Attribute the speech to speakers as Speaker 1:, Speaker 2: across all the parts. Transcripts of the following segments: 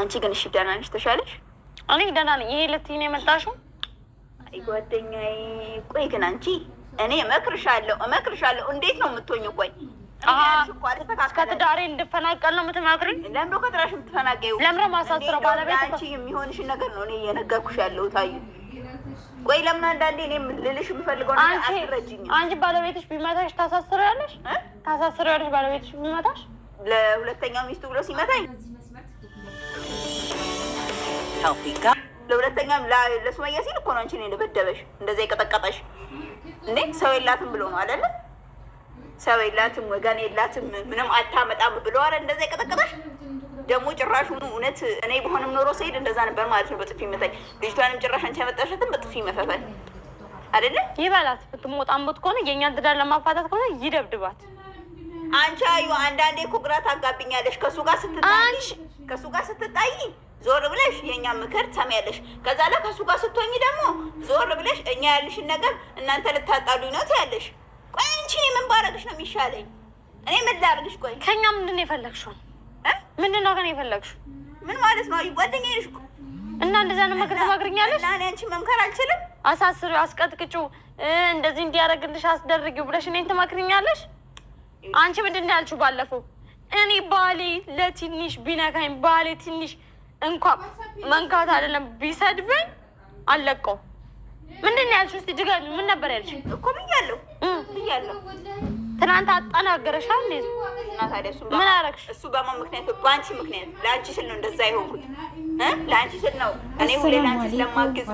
Speaker 1: አንቺ ግን እሺ ደህና ነሽ? ተሻለሽ?
Speaker 2: እኔ ደህና ነኝ። ይሄ ልትይ ነው የመጣሽው?
Speaker 1: አይ ጓደኛዬ፣ ቆይ ግን አንቺ እኔ እመክርሻለሁ እመክርሻለሁ። እንዴት ነው የምትሆኝው? ቆይ
Speaker 2: ከትዳሬ እንድፈናቀል ነው የምትመክሪኝ? ለምዶ ከትዳርሽ ለምዶ ማሳስረው
Speaker 1: ባለቤት አንቺ የሚሆንሽን ነገር ነው እኔ እየነገርኩሽ ያለው ታዩ ለምን አንዳንዴ ልልሽ የምፈልገው
Speaker 2: አንቺ ባለቤትሽ ቢመታሽ ባለቤትሽ ቢመታሽ
Speaker 1: ለሁለተኛው ሚስቱ ብሎ ሲመታኝ ለሁለተኛ ለሱመያ ሲል እኮ ነው አንቺን የደበደበሽ እንደዛ የቀጠቀጠሽ። እንዴ ሰው የላትም ብሎ ነው አይደለ? ሰው የላትም ወገን የላትም ምንም አታመጣም ብሎ አለ እንደዛ የቀጠቀጠሽ። ደግሞ ጭራሽ ሆኖ እውነት እኔ በሆንም ኖሮ ሰይድ እንደዛ ነበር ማለት ነው። በጥፊ መታኝ። ልጅቷንም ጭራሽ አንቺ ያመጣሻትን በጥፊ መፈፈል አይደለ?
Speaker 2: ይበላት ብትሞጣምበት ከሆነ የእኛን ትዳር ለማፋታት ከሆነ ይደብድባት።
Speaker 1: አንቺ አዩ አንዳንዴ እኮ ግራ ታጋብኛለሽ ከሱ ጋር
Speaker 2: ስትጣይ ከሱ ጋር ስትጣይ
Speaker 1: ዞር ብለሽ የእኛ ምክር ሰሚያለሽ። ከዛ ላይ ከሱ ጋር ስትሆኝ ደግሞ ዞር ብለሽ እኛ ያልሽን ነገር እናንተ ልታጣሉኝ ነው ትያለሽ። ቆይ አንቺ ምን ባረግሽ ነው የሚሻለኝ? እኔ ምን ላርግሽ? ቆይ
Speaker 2: ከእኛ ምንድን ነው የፈለግሽው? ምንድን ነው ግን የፈለግሽው?
Speaker 1: ምን ማለት ነው? ጓደኛዬ ነሽ
Speaker 2: እና እንደዛ ነው ምክር ትመክርኛለሽ?
Speaker 1: እና እኔ አንቺ መምከር አልችልም።
Speaker 2: አሳስሪው፣ አስቀጥቅጩ፣ እንደዚህ እንዲያደርግልሽ አስደርጊው ብለሽ እኔን ትመክርኛለሽ? አንቺ ምንድን ነው ያልሽው ባለፈው? እኔ ባሌ ለትንሽ ቢነካኝ ባሌ ትንሽ እንኳን መንካት አይደለም ቢሰድበኝ አለቀው። ምንድን ነው ያልሽው? እስኪ ድጋሚ ምን ነበር ያልሽው?
Speaker 1: እኮ ብያለሁ ብያለሁ።
Speaker 2: ትናንት አጠናገረሻል። እና ታዲያ እሱ ምን አደረግሽ? እሱ
Speaker 1: በማን ምክንያት? በአንቺ ምክንያት። ለአንቺ ስል ነው እንደዛ የሆንኩት። ለአንቺ ስል ነው እኔ ሁሌ ለአንቺ ስለማግዝ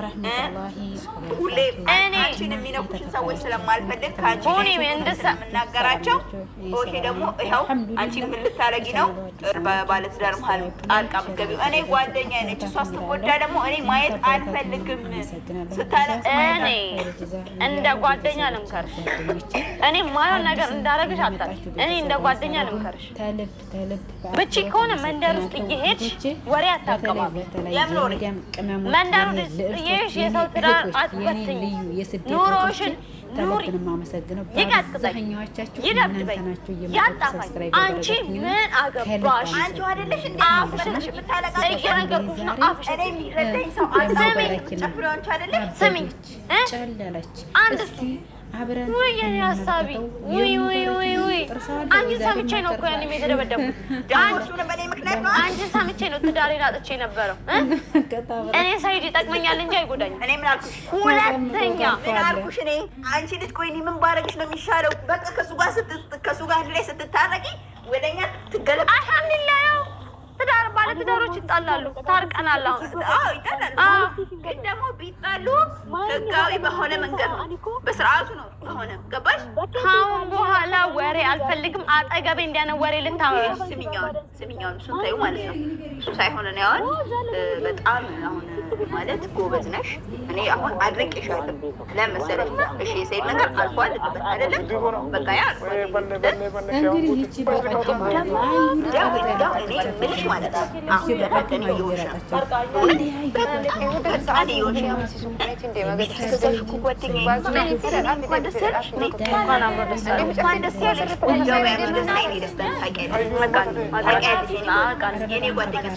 Speaker 1: ሁሌ አንቺን የሚነኩሽን ሰዎች ስለማልፈልግ ከአንቺ ስለምናገራቸው ኦኬ። ደግሞ ይኸው አንቺ ምን ልታረጊ ነው? ባለትዳር መሀል ጣልቃ የምትገቢው? እኔ ጓደኛ ነች እሷ ስትጎዳ ደግሞ እኔ ማየት አልፈልግም
Speaker 2: ስታለ እንደ ጓደኛ ልምከርሽ። እኔ ማየውን ነገር እንዳረግሽ አታል። እኔ እንደ ጓደኛ ልምከርሽ። ብቻ ከሆነ መንደር ውስጥ እየሄድሽ ወሬ አታቀባም። ለምን መንደር ውስጥ እየሄድሽ የሰው ትዳር አትበትኝ ኑሮሽን እንድታገብን
Speaker 1: የማመሰግነው በአብዛኛዎቻችሁ
Speaker 2: እናንተ ናችሁ። እየመጡ ሰብስክራይብ ያደረጋችሁ ጨለለች አብረን ሀሳቢ አንቺን ሰምቼ ነው እኮ ያኔም የተደበደብኩት። አንቺን ሰምቼ ነው ትዳሬን አጥቼ የነበረው። እኔ ሳይድ ይጠቅመኛል እንጂ አይጎዳኝም። ሁለተኛ
Speaker 1: ምን አልኩሽ? እኔ አንቺ ልጅ ቆይ እኔ ምን ባደርግሽ ነው የሚሻለው? በቃ ከእሱ ጋር ስትታረቂ ወደ እኛ ትገለብ
Speaker 2: አልሐምዱሊላህ ትዳር ባለ ትዳሮች ይጣላሉ፣ ታርቀናል።
Speaker 1: አሁን ግን ደግሞ ቢጣሉ ህጋዊ በሆነ መንገድ ነው፣ በስርዓቱ ነው በሆነ ገባሽ።
Speaker 2: ካሁን በኋላ ወሬ አልፈልግም። አጠገቤ እንዲያነ ወሬ ልታመ
Speaker 1: ስሚኛውን ስሚኛውን እሱን ማለት ነው ሳይሆን እኔ አሁን በጣም አሁን ማለት ጎበዝ ነሽ። እኔ አሁን አድርቄሻለሁ። ለምን እሺ የሰይድ ነገር አልፏል አይደለም? በቃ ያ
Speaker 2: እንግዲህ ይቺ
Speaker 1: እኔ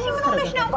Speaker 1: ሰሞኑን